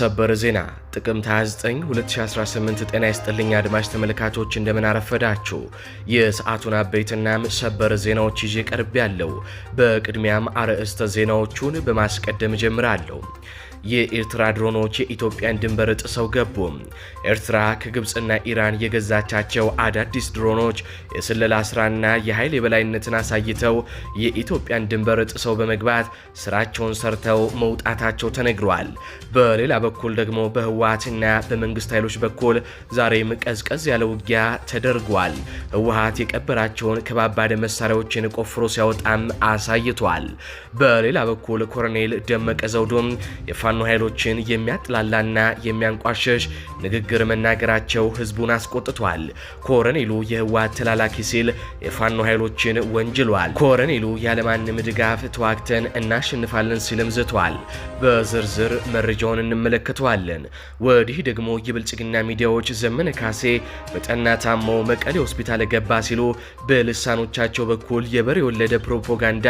ሰበር ዜና ጥቅምት 29 2018። ጤና ይስጥልኝ አድማጭ ተመልካቾች፣ እንደምን አረፈዳችሁ። የሰዓቱን አበይትና ሰበር ዜናዎች ይዤ ቀርቤ ያለው። በቅድሚያም አርዕስተ ዜናዎቹን በማስቀደም ጀምራለሁ። የኤርትራ ድሮኖች የኢትዮጵያን ድንበር ጥሰው ገቡ። ኤርትራ ከግብፅና ኢራን የገዛቻቸው አዳዲስ ድሮኖች የስለላ ስራና የኃይል የበላይነትን አሳይተው የኢትዮጵያን ድንበር ጥሰው በመግባት ስራቸውን ሰርተው መውጣታቸው ተነግሯል። በሌላ በኩል ደግሞ በህወሀትና በመንግስት ኃይሎች በኩል ዛሬም ቀዝቀዝ ያለ ውጊያ ተደርጓል። ህወሀት የቀበራቸውን ከባባድ መሳሪያዎችን ቆፍሮ ሲያወጣም አሳይቷል። በሌላ በኩል ኮሎኔል ደመቀ ዘውዱም የፋኖ ኃይሎችን የሚያጥላላና የሚያንቋሸሽ ንግግር መናገራቸው ህዝቡን አስቆጥቷል። ኮረኔሉ የህወሓት ተላላኪ ሲል የፋኖ ኃይሎችን ወንጅሏል። ኮረኔሉ ያለማንም ድጋፍ ተዋግተን እናሸንፋለን ሲልም ዝቷል። በዝርዝር መረጃውን እንመለከተዋለን። ወዲህ ደግሞ የብልጽግና ሚዲያዎች ዘመነ ካሴ በጠና ታሞ መቀሌ ሆስፒታል ገባ ሲሉ በልሳኖቻቸው በኩል የበሬ የወለደ ፕሮፓጋንዳ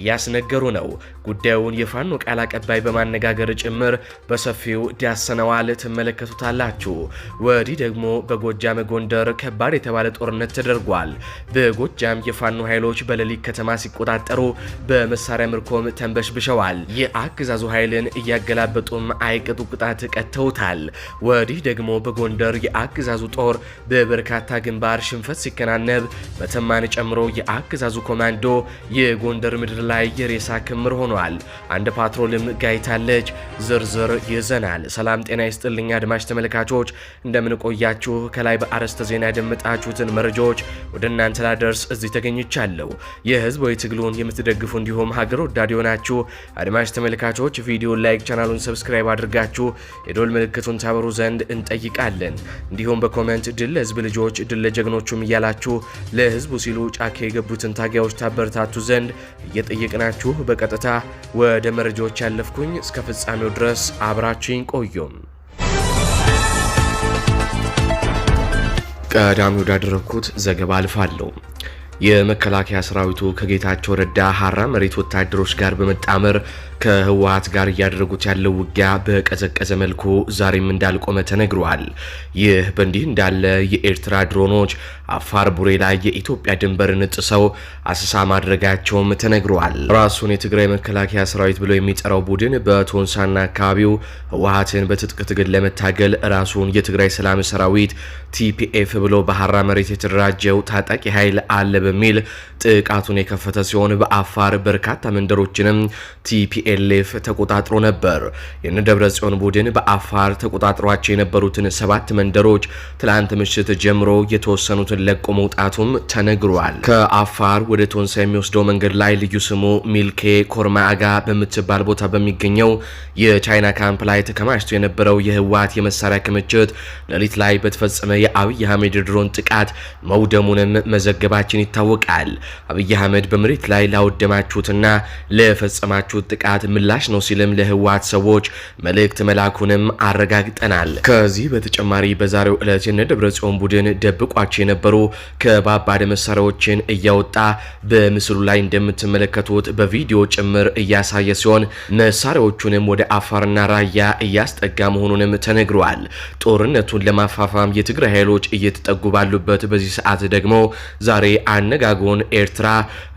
እያስነገሩ ነው። ጉዳዩን የፋኖ ቃል አቀባይ በማነጋገር መንገድ ጭምር በሰፊው ዳሰነዋል፣ ትመለከቱታላችሁ። ወዲህ ደግሞ በጎጃም ጎንደር ከባድ የተባለ ጦርነት ተደርጓል። በጎጃም የፋኖ ኃይሎች በሌሊት ከተማ ሲቆጣጠሩ በመሳሪያ ምርኮም ተንበሽብሸዋል። የአገዛዙ ኃይልን እያገላበጡም አይቀጡ ቅጣት ቀጥ ተውታል። ወዲህ ደግሞ በጎንደር የአገዛዙ ጦር በበርካታ ግንባር ሽንፈት ሲከናነብ መተማን ጨምሮ የአገዛዙ ኮማንዶ የጎንደር ምድር ላይ የሬሳ ክምር ሆኗል። አንድ ፓትሮልም ጋይታለች። ዝርዝር ይዘናል። ሰላም ጤና ይስጥልኝ አድማጭ ተመልካቾች እንደምንቆያችሁ ከላይ በአርዕስተ ዜና ያደመጣችሁትን መረጃዎች ወደ እናንተ ላደርስ እዚህ ተገኝቻለሁ። የህዝባዊ ትግሉን የምትደግፉ እንዲሁም ሀገር ወዳድ የሆናችሁ አድማጭ ተመልካቾች ቪዲዮ ላይክ፣ ቻናሉን ሰብስክራይብ አድርጋችሁ የዶ የዶል ምልክቱን ታበሩ ዘንድ እንጠይቃለን። እንዲሁም በኮመንት ድል ለህዝብ ልጆች፣ ድል ለጀግኖቹም እያላችሁ ለህዝቡ ሲሉ ጫካ የገቡትን ታጋዮች ታበረታቱ ዘንድ እየጠየቅናችሁ በቀጥታ ወደ መረጃዎች ያለፍኩኝ እስከ ፍጻሜው ድረስ አብራችሁኝ ቆዩም። ቀዳሚ ወዳደረግኩት ዘገባ አልፋለሁ። የመከላከያ ሰራዊቱ ከጌታቸው ረዳ ሀራ መሬት ወታደሮች ጋር በመጣመር ከህወሀት ጋር እያደረጉት ያለው ውጊያ በቀዘቀዘ መልኩ ዛሬም እንዳልቆመ ተነግሯል። ይህ በእንዲህ እንዳለ የኤርትራ ድሮኖች አፋር ቡሬ ላይ የኢትዮጵያ ድንበርን ጥሰው አስሳ ማድረጋቸውም ተነግሯል። ራሱን የትግራይ መከላከያ ሰራዊት ብሎ የሚጠራው ቡድን በቶንሳና አካባቢው ህወሀትን በትጥቅ ትግል ለመታገል ራሱን የትግራይ ሰላም ሰራዊት ቲፒኤፍ ብሎ በሀራ መሬት የተደራጀው ታጣቂ ኃይል አለ በሚል ጥቃቱን የከፈተ ሲሆን በአፋር በርካታ መንደሮችንም ቲፒኤፍ ቲኤልኤፍ ተቆጣጥሮ ነበር። የነ ደብረ ጽዮን ቡድን በአፋር ተቆጣጥሯቸው የነበሩትን ሰባት መንደሮች ትላንት ምሽት ጀምሮ የተወሰኑትን ለቆ መውጣቱም ተነግሯል። ከአፋር ወደ ቶንሳ የሚወስደው መንገድ ላይ ልዩ ስሙ ሚልኬ ኮርማአጋ በምትባል ቦታ በሚገኘው የቻይና ካምፕ ላይ ተከማችቶ የነበረው የህወሓት የመሳሪያ ክምችት ሌሊት ላይ በተፈጸመ የአብይ አህመድ ድሮን ጥቃት መውደሙንም መዘገባችን ይታወቃል። አብይ አህመድ በመሬት ላይ ላወደማችሁትና ለፈጸማችሁት ጥቃት ጥቃት ምላሽ ነው ሲልም ለህወሓት ሰዎች መልእክት መላኩንም አረጋግጠናል። ከዚህ በተጨማሪ በዛሬው ዕለት የነ ደብረጽዮን ቡድን ደብቋቸው የነበሩ ከባባድ መሳሪያዎችን እያወጣ በምስሉ ላይ እንደምትመለከቱት በቪዲዮ ጭምር እያሳየ ሲሆን መሳሪያዎቹንም ወደ አፋርና ራያ እያስጠጋ መሆኑንም ተነግረዋል። ጦርነቱን ለማፋፋም የትግራይ ኃይሎች እየተጠጉ ባሉበት በዚህ ሰዓት ደግሞ ዛሬ አነጋጎን ኤርትራ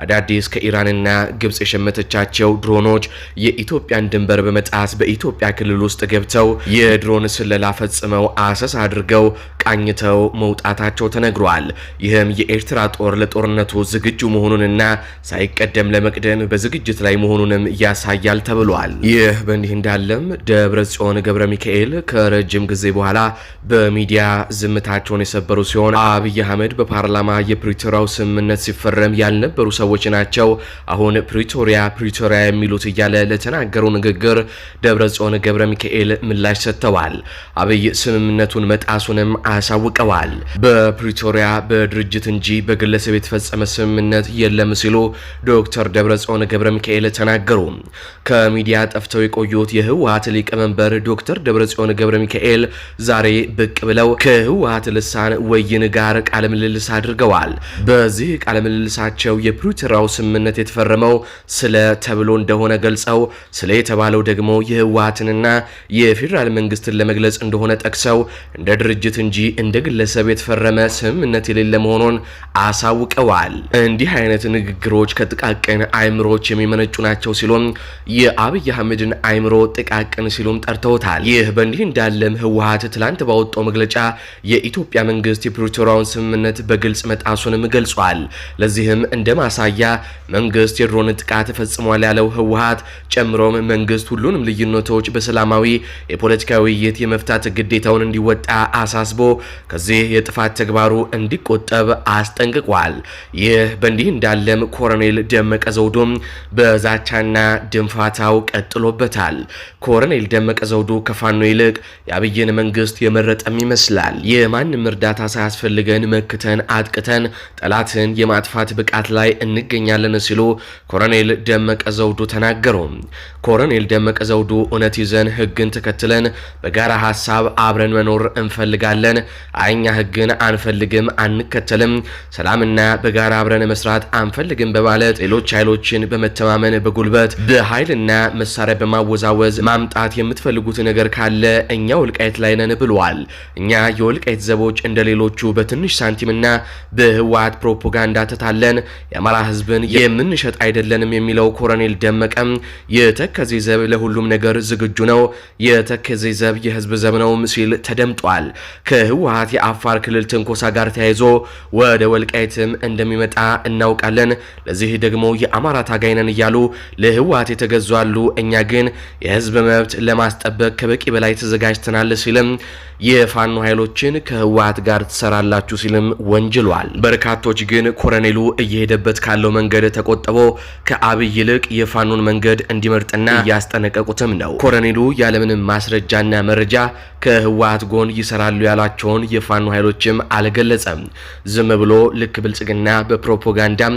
አዳዲስ ከኢራንና ግብጽ የሸመተቻቸው ድሮኖች የኢትዮጵያን ድንበር በመጣስ በኢትዮጵያ ክልል ውስጥ ገብተው የድሮን ስለላ ፈጽመው አሰስ አድርገው ቃኝተው መውጣታቸው ተነግሯል። ይህም የኤርትራ ጦር ለጦርነቱ ዝግጁ መሆኑንና ሳይቀደም ለመቅደም በዝግጅት ላይ መሆኑንም ያሳያል ተብሏል። ይህ በእንዲህ እንዳለም ደብረ ጽዮን ገብረ ሚካኤል ከረጅም ጊዜ በኋላ በሚዲያ ዝምታቸውን የሰበሩ ሲሆን አብይ አህመድ በፓርላማ የፕሪቶሪያው ስምምነት ሲፈረም ያልነበሩ ሰዎች ናቸው አሁን ፕሪቶሪያ ፕሪቶሪያ የሚሉት እያለ በቀለ ለተናገሩ ንግግር ደብረ ጽዮን ገብረ ሚካኤል ምላሽ ሰጥተዋል። አብይ ስምምነቱን መጣሱንም አሳውቀዋል። በፕሪቶሪያ በድርጅት እንጂ በግለሰብ የተፈጸመ ስምምነት የለም ሲሉ ዶክተር ደብረ ጽዮን ገብረ ሚካኤል ተናገሩ። ከሚዲያ ጠፍተው የቆዩት የህወሀት ሊቀመንበር ዶክተር ደብረ ጽዮን ገብረ ሚካኤል ዛሬ ብቅ ብለው ከህወሀት ልሳን ወይን ጋር ቃለ ምልልስ አድርገዋል። በዚህ ቃለ ምልልሳቸው የፕሪቶሪያው ስምምነት የተፈረመው ስለ ተብሎ እንደሆነ ገልጸ ገልጸው ስለ የተባለው ደግሞ የህወሀትንና የፌዴራል መንግስትን ለመግለጽ እንደሆነ ጠቅሰው እንደ ድርጅት እንጂ እንደ ግለሰብ የተፈረመ ስምምነት የሌለ መሆኑን አሳውቀዋል። እንዲህ አይነት ንግግሮች ከጥቃቅን አእምሮዎች የሚመነጩ ናቸው ሲሉም የአብይ አህመድን አይምሮ ጥቃቅን ሲሉም ጠርተውታል። ይህ በእንዲህ እንዳለም ህወሀት ትላንት ባወጣው መግለጫ የኢትዮጵያ መንግስት የፕሪቶሪያውን ስምምነት በግልጽ መጣሱንም ገልጿል። ለዚህም እንደ ማሳያ መንግስት የድሮን ጥቃት ፈጽሟል ያለው ህወሀት ጨምሮም መንግስት ሁሉንም ልዩነቶች በሰላማዊ የፖለቲካዊ ውይይት የመፍታት ግዴታውን እንዲወጣ አሳስቦ ከዚህ የጥፋት ተግባሩ እንዲቆጠብ አስጠንቅቋል። ይህ በእንዲህ እንዳለም ኮሎኔል ደመቀ ዘውዱም በዛቻና ድንፋታው ቀጥሎበታል። ኮሎኔል ደመቀ ዘውዱ ከፋኖ ይልቅ የአብይን መንግስት የመረጠም ይመስላል። የማንም እርዳታ ሳያስፈልገን መክተን አጥቅተን ጠላትን የማጥፋት ብቃት ላይ እንገኛለን ሲሉ ኮሎኔል ደመቀ ዘውዱ ተናገሩ። Um. ኮሎኔል ደመቀ ዘውዱ እውነት ይዘን ህግን ተከትለን በጋራ ሀሳብ አብረን መኖር እንፈልጋለን። አኛ ህግን አንፈልግም፣ አንከተልም፣ ሰላምና በጋራ አብረን መስራት አንፈልግም በማለት ሌሎች ኃይሎችን በመተማመን በጉልበት በኃይልና መሳሪያ በማወዛወዝ ማምጣት የምትፈልጉት ነገር ካለ እኛ ወልቃይት ላይ ነን ብለዋል። እኛ የወልቃይት ዘቦች እንደ ሌሎቹ በትንሽ ሳንቲምና በህወሓት ፕሮፓጋንዳ ተታለን የአማራ ህዝብን የምንሸጥ አይደለንም የሚለው ኮሎኔል ደመቀም የተ ተከዜ ዘብ ለሁሉም ነገር ዝግጁ ነው፣ የተከዜ ዘብ የህዝብ ዘብ ነው ሲል ተደምጧል። ከህወሀት የአፋር ክልል ትንኮሳ ጋር ተያይዞ ወደ ወልቃይትም እንደሚመጣ እናውቃለን። ለዚህ ደግሞ የአማራ ታጋይ ነን እያሉ ለህወሀት የተገዙ አሉ። እኛ ግን የህዝብ መብት ለማስጠበቅ ከበቂ በላይ ተዘጋጅተናል ሲልም የፋኖ ኃይሎችን ከህወሀት ጋር ትሰራላችሁ ሲልም ወንጅሏል። በርካቶች ግን ኮረኔሉ እየሄደበት ካለው መንገድ ተቆጥቦ ከአብይ ይልቅ የፋኖን መንገድ እንዲመርጥና እንደነበርና እያስጠነቀቁትም ነው። ኮረኔሉ ያለምንም ማስረጃና መረጃ ከህወሀት ጎን ይሰራሉ ያሏቸውን የፋኖ ኃይሎችም አልገለጸም። ዝም ብሎ ልክ ብልጽግና በፕሮፓጋንዳም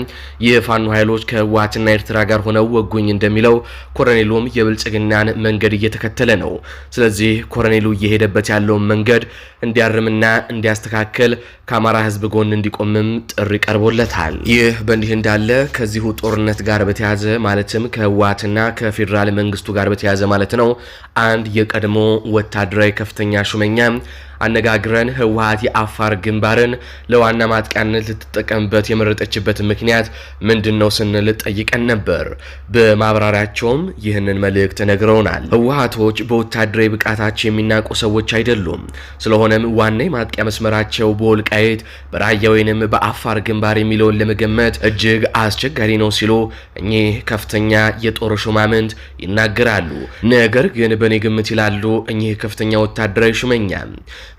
የፋኖ ኃይሎች ከህወሀትና ኤርትራ ጋር ሆነው ወጉኝ እንደሚለው ኮረኔሉም የብልጽግናን መንገድ እየተከተለ ነው። ስለዚህ ኮረኔሉ እየሄደበት ያለውን መንገድ እንዲያርምና እንዲያስተካከል ከአማራ ህዝብ ጎን እንዲቆምም ጥሪ ቀርቦለታል። ይህ በእንዲህ እንዳለ ከዚሁ ጦርነት ጋር በተያያዘ ማለትም ከህወሀትና ከፌዴራል ከፌዴራል መንግስቱ ጋር በተያያዘ ማለት ነው አንድ የቀድሞ ወታደራዊ ከፍተኛ ሹመኛ አነጋግረን ህወሀት የአፋር ግንባርን ለዋና ማጥቂያነት ልትጠቀምበት የመረጠችበት ምክንያት ምንድን ነው ስንል ጠይቀን ነበር። በማብራሪያቸውም ይህንን መልእክት ነግረውናል። ህወሀቶች በወታደራዊ ብቃታቸው የሚናቁ ሰዎች አይደሉም። ስለሆነም ዋና የማጥቂያ መስመራቸው በወልቃይት በራያ ወይንም በአፋር ግንባር የሚለውን ለመገመት እጅግ አስቸጋሪ ነው ሲሉ እኚህ ከፍተኛ የጦር ሹማምንት ይናገራሉ። ነገር ግን በእኔ ግምት ይላሉ እኚህ ከፍተኛ ወታደራዊ ሹመኛ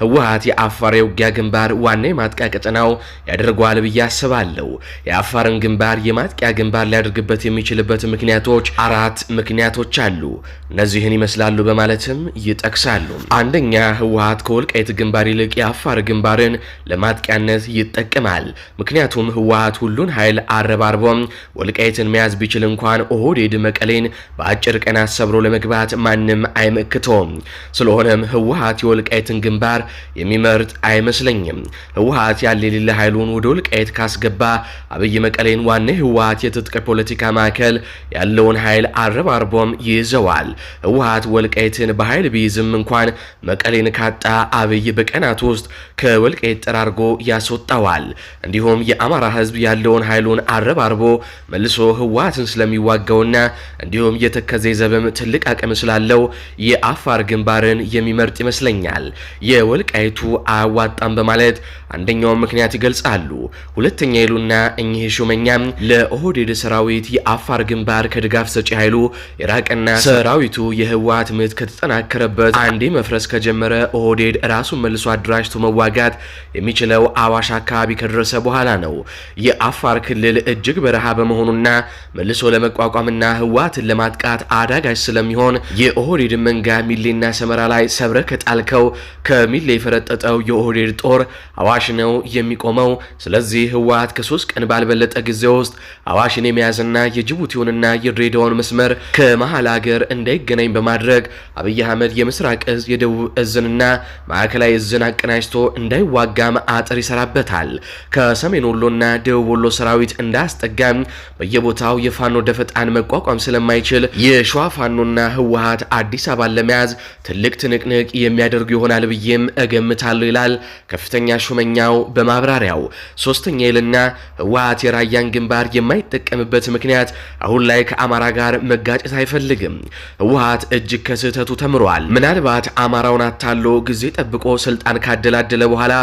ህወሀት የአፋር የውጊያ ግንባር ዋና የማጥቂያ ቀጠናው ያደርገዋል ብዬ አስባለሁ። የአፋርን ግንባር የማጥቂያ ግንባር ሊያደርግበት የሚችልበት ምክንያቶች አራት ምክንያቶች አሉ። እነዚህን ይመስላሉ በማለትም ይጠቅሳሉ። አንደኛ፣ ህወሀት ከወልቃይት ግንባር ይልቅ የአፋር ግንባርን ለማጥቂያነት ይጠቅማል። ምክንያቱም ህወሀት ሁሉን ኃይል አረባርቦም ወልቃይትን መያዝ ቢችል እንኳን ኦህዴድ መቀሌን በአጭር ቀናት ሰብሮ ለመግባት ማንም አይመክተውም። ስለሆነም ህወሀት የወልቃይትን ግንባር የሚመርጥ አይመስለኝም። ህወሀት ያለ የሌለ ኃይሉን ወደ ወልቃየት ካስገባ አብይ መቀሌን ዋና ህወሀት የትጥቅ ፖለቲካ ማዕከል ያለውን ኃይል አረባርቦም ይዘዋል። ህወሀት ወልቃየትን በኃይል ቢይዝም እንኳን መቀሌን ካጣ አብይ በቀናት ውስጥ ከወልቃየት ጠራርጎ ያስወጣዋል። እንዲሁም የአማራ ህዝብ ያለውን ኃይሉን አረባርቦ መልሶ ህወሀትን ስለሚዋጋውና እንዲሁም የተከዘ ዘብም ትልቅ አቅም ስላለው የአፋር ግንባርን የሚመርጥ ይመስለኛል። ለወልቃይቱ አያዋጣም በማለት አንደኛውን ምክንያት ይገልጻሉ። ሁለተኛ ይሉና እኚህ ሹመኛ ለኦህዴድ ሰራዊት የአፋር ግንባር ከድጋፍ ሰጪ ኃይሉ የራቀና ሰራዊቱ የህዋት ምት ከተጠናከረበት አንዴ መፍረስ ከጀመረ ኦህዴድ ራሱን መልሶ አደራጅቶ መዋጋት የሚችለው አዋሽ አካባቢ ከደረሰ በኋላ ነው። የአፋር ክልል እጅግ በረሃ በመሆኑና መልሶ ለመቋቋምና ህዋትን ለማጥቃት አዳጋች ስለሚሆን የኦህዴድን መንጋ ሚሌና ሰመራ ላይ ሰብረ ከጣልከው ከሚሌ ላይ የፈረጠጠው የኦህዴድ ጦር አዋሽ ነው የሚቆመው። ስለዚህ ህወሓት ከሶስት ቀን ባልበለጠ ጊዜ ውስጥ አዋሽን የመያዝና የጅቡቲውንና የድሬዳውን መስመር ከመሀል ሀገር እንዳይገናኝ በማድረግ አብይ አህመድ የምስራቅ እዝ የደቡብ እዝንና ማዕከላዊ እዝን አቀናጅቶ እንዳይዋጋም አጥር ይሰራበታል። ከሰሜን ወሎና ደቡብ ወሎ ሰራዊት እንዳያስጠጋም በየቦታው የፋኖ ደፈጣን መቋቋም ስለማይችል የሸዋ ፋኖና ህወሓት አዲስ አበባን ለመያዝ ትልቅ ትንቅንቅ የሚያደርጉ ይሆናል ብዬም እገምታለሁ ይላል ከፍተኛ ሹመኛው በማብራሪያው። ሶስተኛ ይልና ህወሀት የራያን ግንባር የማይጠቀምበት ምክንያት አሁን ላይ ከአማራ ጋር መጋጨት አይፈልግም። ህወሀት እጅግ ከስህተቱ ተምሯል። ምናልባት አማራውን አታሎ ጊዜ ጠብቆ ስልጣን ካደላደለ በኋላ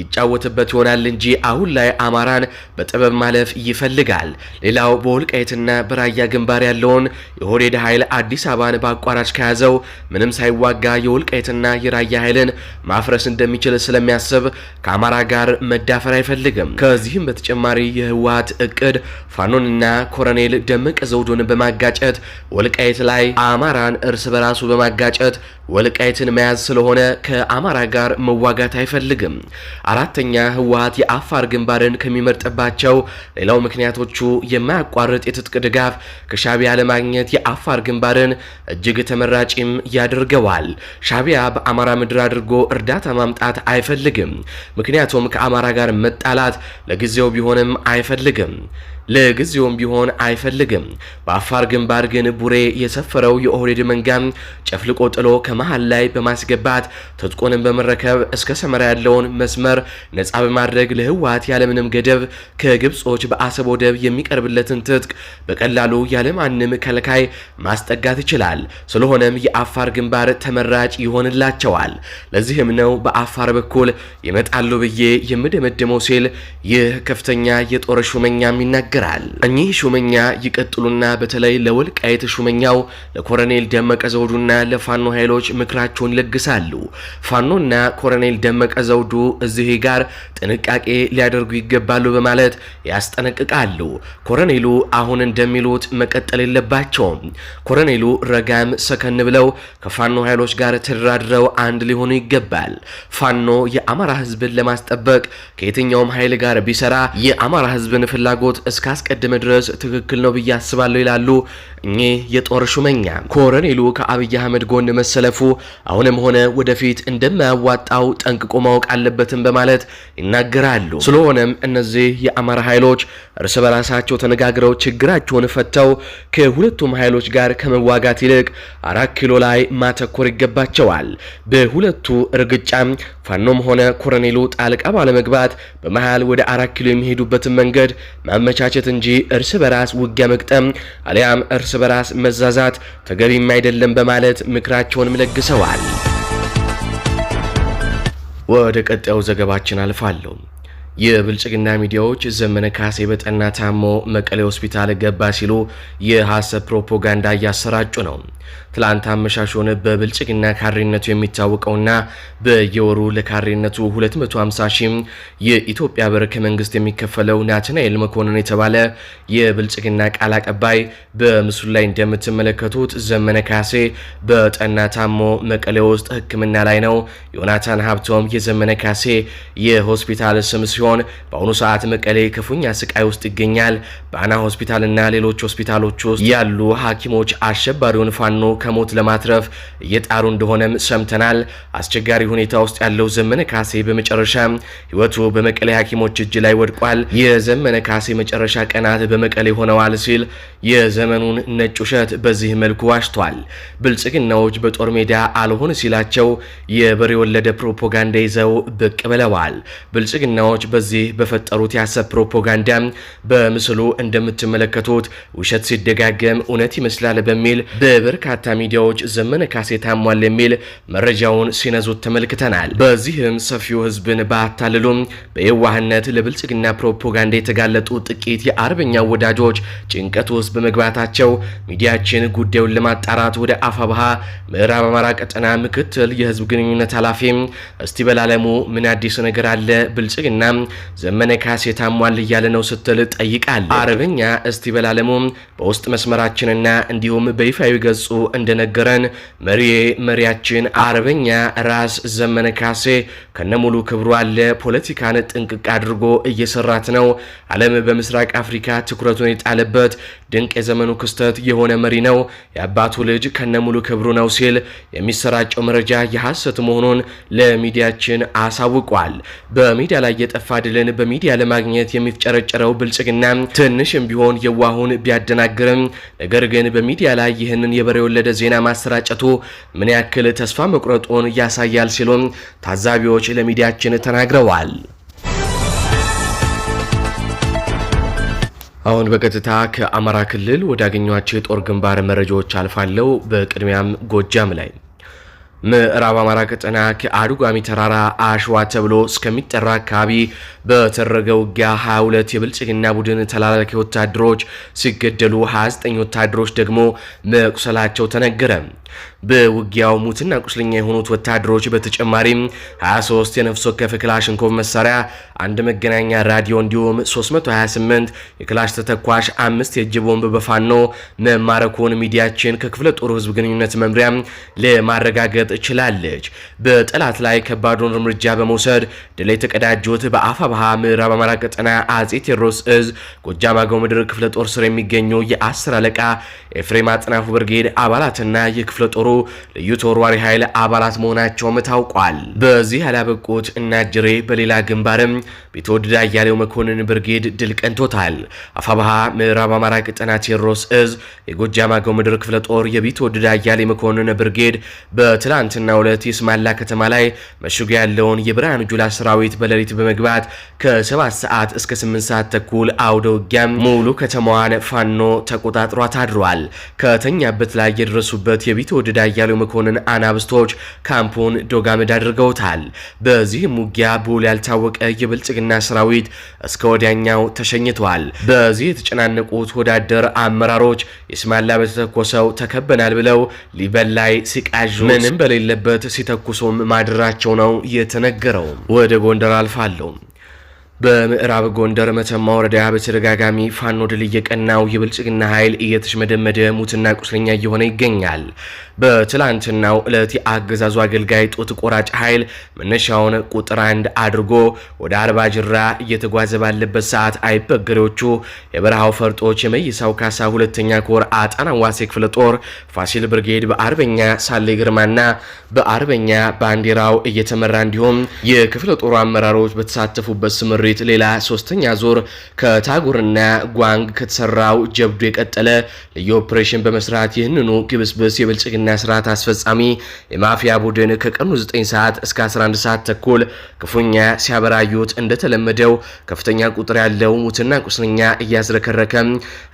ይጫወትበት ይሆናል እንጂ አሁን ላይ አማራን በጥበብ ማለፍ ይፈልጋል። ሌላው በወልቃየትና በራያ ግንባር ያለውን የሆዴድ ኃይል አዲስ አበባን በአቋራጭ ከያዘው ምንም ሳይዋጋ የወልቃይትና የራያ ኃይልን ማፍረስ እንደሚችል ስለሚያስብ ከአማራ ጋር መዳፈር አይፈልግም። ከዚህም በተጨማሪ የህወሀት እቅድ ፋኖንና ኮረኔል ደመቀ ዘውዱን በማጋጨት ወልቃይት ላይ አማራን እርስ በራሱ በማጋጨት ወልቃይትን መያዝ ስለሆነ ከአማራ ጋር መዋጋት አይፈልግም። አራተኛ ህወሀት የአፋር ግንባርን ከሚመርጥባቸው ሌላው ምክንያቶቹ የማያቋርጥ የትጥቅ ድጋፍ ከሻቢያ ለማግኘት የአፋር ግንባርን እጅግ ተመራጭም ያደርገዋል። ሻቢያ በአማራ ምድር አድርጎ እርዳታ ማምጣት አይፈልግም። ምክንያቱም ከአማራ ጋር መጣላት ለጊዜው ቢሆንም አይፈልግም። ለጊዜውም ቢሆን አይፈልግም። በአፋር ግንባር ግን ቡሬ የሰፈረው የኦህዴድ መንጋም ጨፍልቆ ጥሎ ከመሃል ላይ በማስገባት ትጥቁንም በመረከብ እስከ ሰመራ ያለውን መስመር ነጻ በማድረግ ለህወሓት ያለምንም ገደብ ከግብጾች በአሰብ ወደብ የሚቀርብለትን ትጥቅ በቀላሉ ያለማንም ከልካይ ማስጠጋት ይችላል። ስለሆነም የአፋር ግንባር ተመራጭ ይሆንላቸዋል። ለዚህም ነው በአፋር በኩል ይመጣሉ ብዬ የምደመድመው ሲል ይህ ከፍተኛ የጦር ሹመኛ የሚናገ ይናገራል። እኚህ ሹመኛ ይቀጥሉና በተለይ ለወልቃይት ሹመኛው ለኮረኔል ደመቀ ዘውዱና ለፋኖ ኃይሎች ምክራቸውን ይለግሳሉ። ፋኖና ኮረኔል ደመቀ ዘውዱ እዚህ ጋር ጥንቃቄ ሊያደርጉ ይገባሉ በማለት ያስጠነቅቃሉ። ኮረኔሉ አሁን እንደሚሉት መቀጠል የለባቸውም። ኮረኔሉ ረጋም ሰከን ብለው ከፋኖ ኃይሎች ጋር ተደራድረው አንድ ሊሆኑ ይገባል። ፋኖ የአማራ ህዝብን ለማስጠበቅ ከየትኛውም ኃይል ጋር ቢሰራ የአማራ ህዝብን ፍላጎት እስ እስካስቀደመ ድረስ ትክክል ነው ብዬ አስባለሁ ይላሉ እኚህ የጦር ሹመኛ። ኮረኔሉ ከአብይ አህመድ ጎን መሰለፉ አሁንም ሆነ ወደፊት እንደማያዋጣው ጠንቅቆ ማወቅ አለበትም በማለት ይናገራሉ። ስለሆነም እነዚህ የአማራ ኃይሎች እርስ በራሳቸው ተነጋግረው ችግራቸውን ፈተው ከሁለቱም ኃይሎች ጋር ከመዋጋት ይልቅ አራት ኪሎ ላይ ማተኮር ይገባቸዋል። በሁለቱ እርግጫም ፋኖም ሆነ ኮረኔሉ ጣልቃ ባለመግባት በመሃል ወደ አራት ኪሎ የሚሄዱበትን መንገድ ማመቻቸ መመቻቸት እንጂ እርስ በራስ ውጊያ መግጠም አሊያም እርስ በራስ መዛዛት ተገቢም አይደለም በማለት ምክራቸውንም ለግሰዋል። ወደ ቀጣዩ ዘገባችን አልፋለሁ። የብልጽግና ሚዲያዎች ዘመነ ካሴ በጠና ታሞ መቀሌ ሆስፒታል ገባ ሲሉ የሐሰብ ፕሮፓጋንዳ እያሰራጩ ነው። ትላንት አመሻሹን በብልጽግና ካሬነቱ የሚታወቀውና በየወሩ ለካሬነቱ 250 ሺህ የኢትዮጵያ ብር ከመንግስት የሚከፈለው ናትናኤል መኮንን የተባለ የብልጽግና ቃል አቀባይ በምስሉ ላይ እንደምትመለከቱት ዘመነ ካሴ በጠና ታሞ መቀሌ ውስጥ ሕክምና ላይ ነው። ዮናታን ሀብቶም የዘመነ ካሴ የሆስፒታል ስም ሲሆን በአሁኑ ሰዓት መቀሌ ክፉኛ ስቃይ ውስጥ ይገኛል። በአና ሆስፒታልና ሌሎች ሆስፒታሎች ውስጥ ያሉ ሐኪሞች አሸባሪውን ፋኖ ከሞት ለማትረፍ እየጣሩ እንደሆነም ሰምተናል። አስቸጋሪ ሁኔታ ውስጥ ያለው ዘመነ ካሴ በመጨረሻ ህይወቱ በመቀሌ ሐኪሞች እጅ ላይ ወድቋል። የዘመነ ካሴ መጨረሻ ቀናት በመቀሌ ሆነዋል ሲል የዘመኑን ነጭ ውሸት በዚህ መልኩ ዋሽቷል። ብልጽግናዎች በጦር ሜዳ አልሆን ሲላቸው የበሬ ወለደ ፕሮፓጋንዳ ይዘው ብቅ ብለዋል። ብልጽግናዎች በዚህ በፈጠሩት የሐሰት ፕሮፓጋንዳ በምስሉ እንደምትመለከቱት ውሸት ሲደጋገም እውነት ይመስላል በሚል በበርካታ ሚዲያዎች ዘመነ ካሴ ታሟል የሚል መረጃውን ሲነዙት ተመልክተናል። በዚህም ሰፊው ህዝብን ባታልሉም በየዋህነት ለብልጽግና ፕሮፓጋንዳ የተጋለጡ ጥቂት የአርበኛ ወዳጆች ጭንቀት ውስጥ በመግባታቸው ሚዲያችን ጉዳዩን ለማጣራት ወደ አፋብሃ ምዕራብ አማራ ቀጠና ምክትል የህዝብ ግንኙነት ኃላፊ እስቲ በላለሙ ምን አዲስ ነገር አለ ብልጽግና ዘመነ ካሴ ታሟል እያለ ነው ስትል ጠይቃል። አርበኛ እስቲ በላለሙ በውስጥ መስመራችንና እንዲሁም በይፋዊ ገጹ እንደነገረን መሪዬ መሪያችን አርበኛ ራስ ዘመነ ካሴ ከነሙሉ ክብሩ አለ ፖለቲካን ጥንቅቅ አድርጎ እየሰራት ነው። ዓለም በምስራቅ አፍሪካ ትኩረቱን የጣለበት ድንቅ የዘመኑ ክስተት የሆነ መሪ ነው። የአባቱ ልጅ ከነሙሉ ክብሩ ነው ሲል የሚሰራጨው መረጃ የሐሰት መሆኑን ለሚዲያችን አሳውቋል። በሚዲያ ላይ የጠፋ ተስፋ ድልን በሚዲያ ለማግኘት የሚፍጨረጨረው ብልጽግና ትንሽም ቢሆን የዋሁን ቢያደናግርም ነገር ግን በሚዲያ ላይ ይህንን የበሬ ወለደ ዜና ማሰራጨቱ ምን ያክል ተስፋ መቁረጡን ያሳያል ሲሉም ታዛቢዎች ለሚዲያችን ተናግረዋል። አሁን በቀጥታ ከአማራ ክልል ወዳገኟቸው የጦር ግንባር መረጃዎች አልፋለሁ። በቅድሚያም ጎጃም ላይ ምዕራብ አማራ ቀጠና ከአዱጋሚ ተራራ አሸዋ ተብሎ እስከሚጠራ አካባቢ በተደረገ ውጊያ 22 የብልጽግና ቡድን ተላላኪ ወታደሮች ሲገደሉ 29 ወታደሮች ደግሞ መቁሰላቸው ተነገረ። በውጊያው ሙትና ቁስለኛ የሆኑት ወታደሮች በተጨማሪም 23 የነፍስ ወከፍ ክላሽንኮቭ መሳሪያ፣ አንድ መገናኛ ራዲዮ እንዲሁም 328 የክላሽ ተተኳሽ፣ አምስት የእጅ ቦምብ በፋኖ መማረኮን ሚዲያችን ከክፍለ ጦር ህዝብ ግንኙነት መምሪያ ለማረጋገጥ ችላለች። በጠላት ላይ ከባዱን እርምጃ በመውሰድ ድል የተቀዳጁት በአፋብሃ ምዕራብ አማራ ቀጠና አጼ ቴዎድሮስ እዝ ጎጃም አገው ምድር ክፍለ ጦር ስር የሚገኙ የአስር አለቃ ኤፍሬም አጥናፉ ብርጌድ አባላትና የክፍለ ክፍለ ጦሩ ልዩ ተወርዋሪ ኃይል አባላት መሆናቸውም ታውቋል። በዚህ ያላበቁት እናጅሬ በሌላ ግንባርም ቢትወደድ አያሌው መኮንን ብርጌድ ድል ቀንቶታል። አፋባሃ ምዕራብ አማራ ቅጠና ቴዎድሮስ እዝ የጎጃም አገው ምድር ክፍለ ጦር የቢትወደድ አያሌ መኮንን ብርጌድ በትላንትና ሁለት የስማላ ከተማ ላይ መሽጎ ያለውን የብርሃኑ ጁላ ሰራዊት በሌሊት በመግባት ከ7 ሰዓት እስከ 8 ሰዓት ተኩል አውደ ውጊያም ሙሉ ከተማዋን ፋኖ ተቆጣጥሯ ታድሯል። ከተኛበት ላይ የደረሱበት የቢት ተወደዳ እያለው መኮንን አናብስቶች ካምፑን ዶጋመድ አድርገውታል። በዚህም ውጊያ በውል ያልታወቀ የብልጽግና ሰራዊት እስከ ወዲያኛው ተሸኝቷል። በዚህ የተጨናነቁት ወዳደር አመራሮች ኢስማላ በተተኮሰው ተከበናል ብለው ሊበላይ ሲቃዡ ምንም በሌለበት ሲተኩሱም ማድራቸው ነው የተነገረው። ወደ ጎንደር አልፋለሁ። በምዕራብ ጎንደር መተማ ወረዳ በተደጋጋሚ ፋኖ ድል እየቀናው የብልጽግና ኃይል እየተሽመደመደ ሙትና ቁስለኛ እየሆነ ይገኛል። በትላንትናው ዕለት የአገዛዙ አገልጋይ ጡት ቆራጭ ኃይል መነሻውን ቁጥር አንድ አድርጎ ወደ አርባ ጅራ እየተጓዘ ባለበት ሰዓት አይበገሬዎቹ የበረሃው ፈርጦች የመይሳው ካሳ ሁለተኛ ኮር አጣና ዋሴ ክፍለ ጦር ፋሲል ብርጌድ በአርበኛ ሳሌ ግርማና በአርበኛ ባንዲራው እየተመራ እንዲሁም የክፍለ ጦሩ አመራሮች በተሳተፉበት ስምሪ ቤት ሌላ ሶስተኛ ዙር ከታጉርና ጓንግ ከተሰራው ጀብዱ የቀጠለ ልዩ ኦፕሬሽን በመስራት ይህንኑ ግብስብስ የብልጽግና ስርዓት አስፈጻሚ የማፊያ ቡድን ከቀኑ 9 ሰዓት እስከ 11 ሰዓት ተኩል ክፉኛ ሲያበራዩት እንደተለመደው ከፍተኛ ቁጥር ያለው ሙትና ቁስለኛ እያዝረከረከ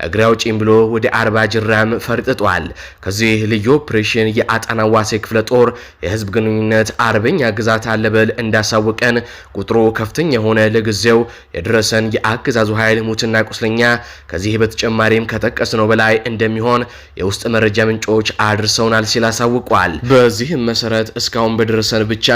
እግሬ አውጪኝ ብሎ ወደ አርባ ጅራም ፈርጥጧል። ከዚህ ልዩ ኦፕሬሽን የአጣና ዋሴ ክፍለ ጦር የህዝብ ግንኙነት አርበኛ ግዛት አለበል እንዳሳወቀን ቁጥሩ ከፍተኛ የሆነ ለጊዜ በጊዜው የደረሰን የአገዛዙ ኃይል ሙትና ቁስለኛ ከዚህ በተጨማሪም ከጠቀስነው በላይ እንደሚሆን የውስጥ መረጃ ምንጮች አድርሰውናል ሲል አሳውቋል። በዚህም መሰረት እስካሁን በደረሰን ብቻ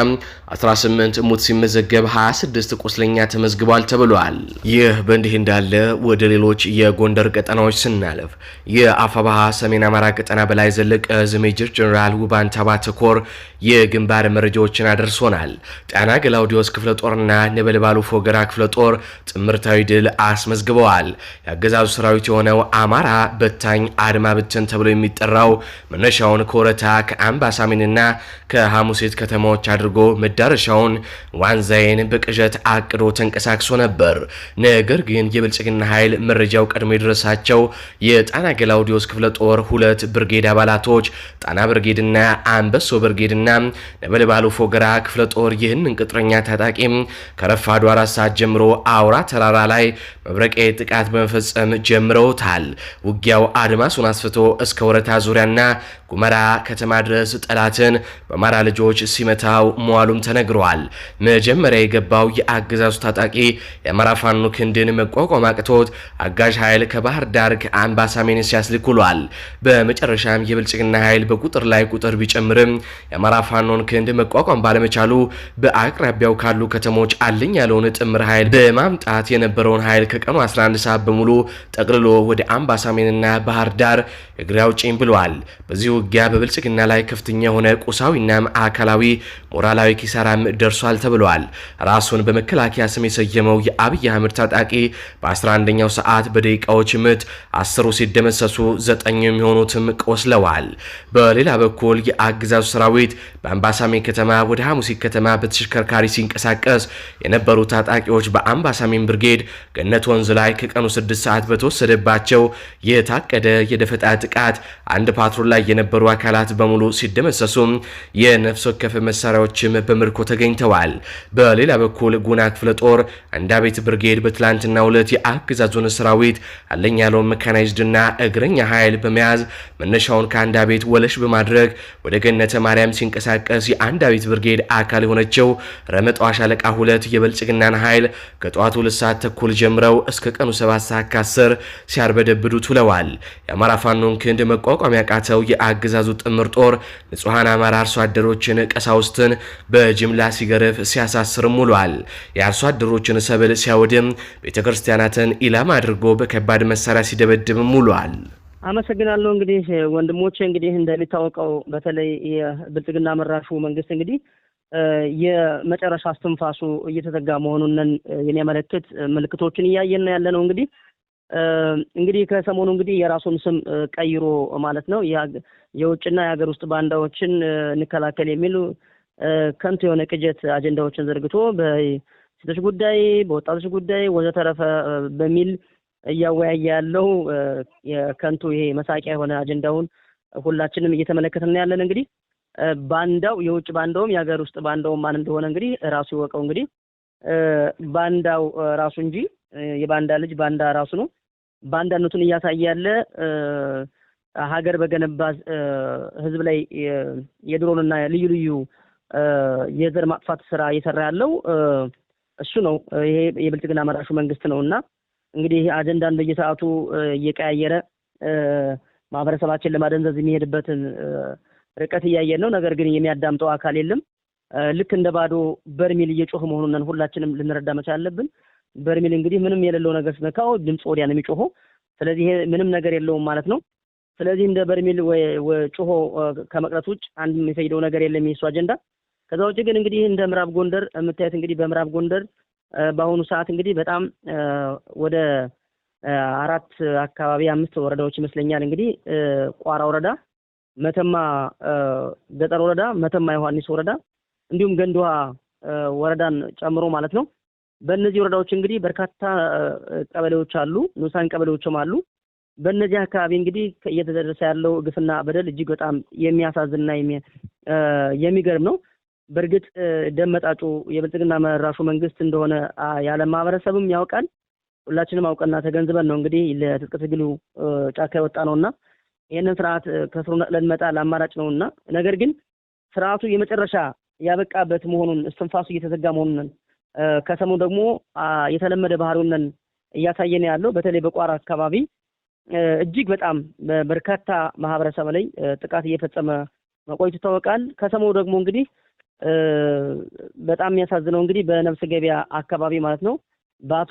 18 ሙት ሲመዘገብ 26 ቁስለኛ ተመዝግቧል ተብሏል። ይህ በእንዲህ እንዳለ ወደ ሌሎች የጎንደር ቀጠናዎች ስናለፍ የአፋባሃ ሰሜን አማራ ቀጠና በላይ ዘለቀ ሜጀር ጀኔራል ውባንታባ ተኮር የግንባር መረጃዎችን አድርሶናል። ጣና ገላውዲዮስ ክፍለ ጦርና ነበልባሉ ፎገራ ክፍለ ጦር ጥምርታዊ ድል አስመዝግበዋል። የአገዛዙ ሰራዊት የሆነው አማራ በታኝ አድማ ብትን ተብሎ የሚጠራው መነሻውን ከወረታ ከአምባሳሚንና ከሐሙሴት ከተማዎች አድርጎ መዳረሻውን ዋንዛይን በቅዠት አቅዶ ተንቀሳቅሶ ነበር። ነገር ግን የብልጽግና ኃይል መረጃው ቀድሞ የደረሳቸው የጣና ገላውዲዮስ ክፍለ ጦር ሁለት ብርጌድ አባላቶች ጣና ብርጌድና አንበሶ ብርጌድና ነበልባሉ ፎገራ ክፍለ ጦር ይህንን ቅጥረኛ ታጣቂም ከረፋዱ አራት ሰዓት ጀምሮ አውራ ተራራ ላይ መብረቄ ጥቃት በመፈጸም ጀምረውታል። ውጊያው አድማሱን አስፍቶ እስከ ወረታ ዙሪያና ጉመራ ከተማ ድረስ ጠላትን በአማራ ልጆች ሲመታው መዋሉም ተነግረዋል። መጀመሪያ የገባው የአገዛዙ ታጣቂ የአማራ ፋኖ ክንድን መቋቋም አቅቶት አጋዥ ኃይል ከባህር ዳር ከአምባሳሜን ሲያስልክ ውሏል። በመጨረሻም የብልጽግና ኃይል በቁጥር ላይ ቁጥር ቢጨምርም የአማራ ፋኖን ክንድ መቋቋም ባለመቻሉ በአቅራቢያው ካሉ ከተሞች አለኝ ያለውን ጥምር ኃይል በማምጣት የነበረውን ኃይል ከቀኑ 11 ሰዓት በሙሉ ጠቅልሎ ወደ አምባሳሜንና ባህር ዳር እግሬ አውጪኝ ብለዋል። በዚህ ውጊያ በብልጽግና ላይ ከፍተኛ የሆነ ቁሳዊና አካላዊ ሞራላዊ ኪሳራም ደርሷል ተብለዋል። ራሱን በመከላከያ ስም የሰየመው የአብይ አህመድ ታጣቂ በ11ኛው ሰዓት በደቂቃዎች ምት አስሩ ሲደመሰሱ ዘጠኝ የሚሆኑትም ቆስለዋል። በሌላ በኩል የአገዛዙ ሰራዊት በአምባሳሜን ከተማ ወደ ሐሙሲት ከተማ በተሽከርካሪ ሲንቀሳቀስ የነበሩ ታጣቂዎች በአምባሳ ሚን ብርጌድ ገነት ወንዝ ላይ ከቀኑ 6 ሰዓት በተወሰደባቸው የታቀደ የደፈጣ ጥቃት አንድ ፓትሮል ላይ የነበሩ አካላት በሙሉ ሲደመሰሱ የነፍስ ወከፍ መሳሪያዎችም በምርኮ ተገኝተዋል። በሌላ በኩል ጉና ክፍለ ጦር አንዳቤት ብርጌድ በትላንትናው ዕለት የአገዛዙን ሰራዊት አለኝ ያለውን መካናይዝድና እግረኛ ኃይል በመያዝ መነሻውን ከአንዳቤት ወለሽ በማድረግ ወደ ገነተ ማርያም ሲንቀሳቀስ የአንዳቤት ብርጌድ አካል የሆነችው ረመጣዋ ሻለቃ ሁለት የበልጽግናን ኃይል ከጠዋቱ ሁለት ሰዓት ተኩል ጀምረው እስከ ቀኑ ሰባት ሰዓት ከአስር ሲያርበደብዱት ውለዋል። የአማራ ፋኖን ክንድ መቋቋም ያቃተው የአገዛዙ ጥምር ጦር ንጹሐን አማራ አርሶ አደሮችን፣ ቀሳውስትን በጅምላ ሲገርፍ ሲያሳስርም ውሏል። የአርሶ አደሮችን ሰብል ሲያወድም፣ ቤተ ክርስቲያናትን ኢላማ አድርጎ በከባድ መሳሪያ ሲደበድብም ውሏል። አመሰግናለሁ። እንግዲህ ወንድሞቼ እንግዲህ እንደሚታወቀው በተለይ የብልጽግና መራሹ መንግስት እንግዲህ የመጨረሻ እስትንፋሱ እየተዘጋ መሆኑን የሚያመለክት ምልክቶችን እያየን ያለ ነው። እንግዲህ እንግዲህ ከሰሞኑ እንግዲህ የራሱን ስም ቀይሮ ማለት ነው የውጭና የሀገር ውስጥ ባንዳዎችን እንከላከል የሚሉ ከንቱ የሆነ ቅጀት አጀንዳዎችን ዘርግቶ በሴቶች ጉዳይ፣ በወጣቶች ጉዳይ ወዘተረፈ በሚል እያወያየ ያለው የከንቱ ይሄ መሳቂያ የሆነ አጀንዳውን ሁላችንም እየተመለከትን ያለን እንግዲህ ባንዳው የውጭ ባንዳውም የሀገር ውስጥ ባንዳውም ማን እንደሆነ እንግዲህ ራሱ ይወቀው። እንግዲህ ባንዳው ራሱ እንጂ የባንዳ ልጅ ባንዳ ራሱ ነው። ባንዳነቱን እያሳየ ያለ ሀገር በገነባ ህዝብ ላይ የድሮንና ልዩ ልዩ የዘር ማጥፋት ስራ እየሰራ ያለው እሱ ነው። ይሄ የብልጽግና መራሹ መንግስት ነው እና እንግዲህ አጀንዳን በየሰዓቱ እየቀያየረ ማህበረሰባችን ለማደንዘዝ የሚሄድበትን ርቀት እያየን ነው። ነገር ግን የሚያዳምጠው አካል የለም። ልክ እንደ ባዶ በርሜል እየጮህ መሆኑን ሁላችንም ልንረዳ መቻል አለብን። በርሜል እንግዲህ ምንም የሌለው ነገር ስነካው ድምፅ ወዲያ ነው የሚጮኸው። ስለዚህ ይሄ ምንም ነገር የለውም ማለት ነው። ስለዚህ እንደ በርሜል ጮሆ ከመቅረት ውጭ አንድ የሚፈይደው ነገር የለም የሱ አጀንዳ። ከዛ ውጭ ግን እንግዲህ እንደ ምዕራብ ጎንደር የምታዩት እንግዲህ በምዕራብ ጎንደር በአሁኑ ሰዓት እንግዲህ በጣም ወደ አራት አካባቢ አምስት ወረዳዎች ይመስለኛል እንግዲህ ቋራ ወረዳ መተማ ገጠር ወረዳ መተማ ዮሐንስ ወረዳ እንዲሁም ገንድዋ ወረዳን ጨምሮ ማለት ነው። በእነዚህ ወረዳዎች እንግዲህ በርካታ ቀበሌዎች አሉ፣ ንዑሳን ቀበሌዎችም አሉ። በእነዚህ አካባቢ እንግዲህ እየተደረሰ ያለው ግፍና በደል እጅግ በጣም የሚያሳዝንና የሚገርም ነው። በእርግጥ ደመጣጩ የብልጽግና መራሹ መንግስት እንደሆነ ያለ ማህበረሰብም ያውቃል። ሁላችንም አውቀና ተገንዝበን ነው እንግዲህ ለትጥቅ ትግሉ ጫካ የወጣ ነው እና ይህንን ስርዓት ከስሩ ነቅለን መጣ ለአማራጭ ነው እና ነገር ግን ስርዓቱ የመጨረሻ ያበቃበት መሆኑን እስትንፋሱ እየተዘጋ መሆኑን ከሰሞኑ ደግሞ የተለመደ ባህሪውን እያሳየን ያለው በተለይ በቋራ አካባቢ እጅግ በጣም በርካታ ማህበረሰብ ላይ ጥቃት እየፈጸመ መቆየቱ ይታወቃል። ከሰሞኑ ደግሞ እንግዲህ በጣም የሚያሳዝነው እንግዲህ በነፍስ ገበያ አካባቢ ማለት ነው በአቶ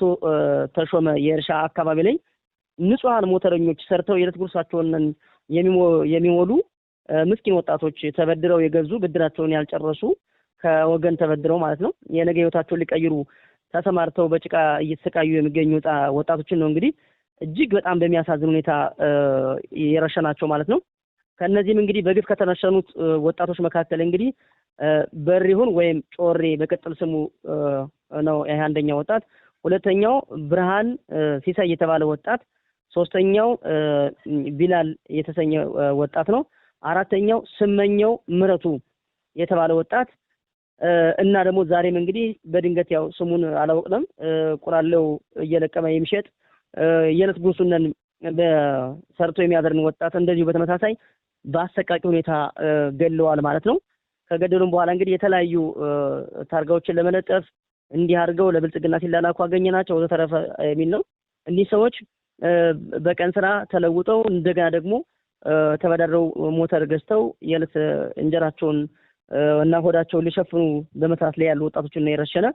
ተሾመ የእርሻ አካባቢ ላይ ንጹሐን ሞተረኞች ሰርተው የዕለት ጉርሳቸውን የሚሞሉ ምስኪን ወጣቶች ተበድረው የገዙ ብድራቸውን ያልጨረሱ ከወገን ተበድረው ማለት ነው የነገ ህይወታቸውን ሊቀይሩ ተሰማርተው በጭቃ እየተሰቃዩ የሚገኙ ወጣቶችን ነው እንግዲህ እጅግ በጣም በሚያሳዝን ሁኔታ የረሸናቸው ማለት ነው። ከእነዚህም እንግዲህ በግፍ ከተረሸኑት ወጣቶች መካከል እንግዲህ በሪሁን ወይም ጮሬ በቅጥል ስሙ ነው ይህ አንደኛው ወጣት። ሁለተኛው ብርሃን ሲሳይ የተባለ ወጣት ሶስተኛው ቢላል የተሰኘ ወጣት ነው። አራተኛው ስመኘው ምረቱ የተባለ ወጣት እና ደግሞ ዛሬም እንግዲህ በድንገት ያው ስሙን አላወቅንም ቁራሌው እየለቀመ የሚሸጥ የዕለት ጉርሱነን በሰርቶ የሚያደርን ወጣት እንደዚሁ በተመሳሳይ በአሰቃቂ ሁኔታ ገለዋል ማለት ነው። ከገደሉም በኋላ እንግዲህ የተለያዩ ታርጋዎችን ለመለጠፍ እንዲህ አድርገው ለብልጽግና ሲላላኩ አገኘናቸው ወዘተረፈ የሚል ነው። እኒህ ሰዎች በቀን ስራ ተለውጠው እንደገና ደግሞ ተበዳድረው ሞተር ገዝተው የዕለት እንጀራቸውን እና ሆዳቸውን ሊሸፍኑ በመስራት ላይ ያሉ ወጣቶችን ነው የረሸነ።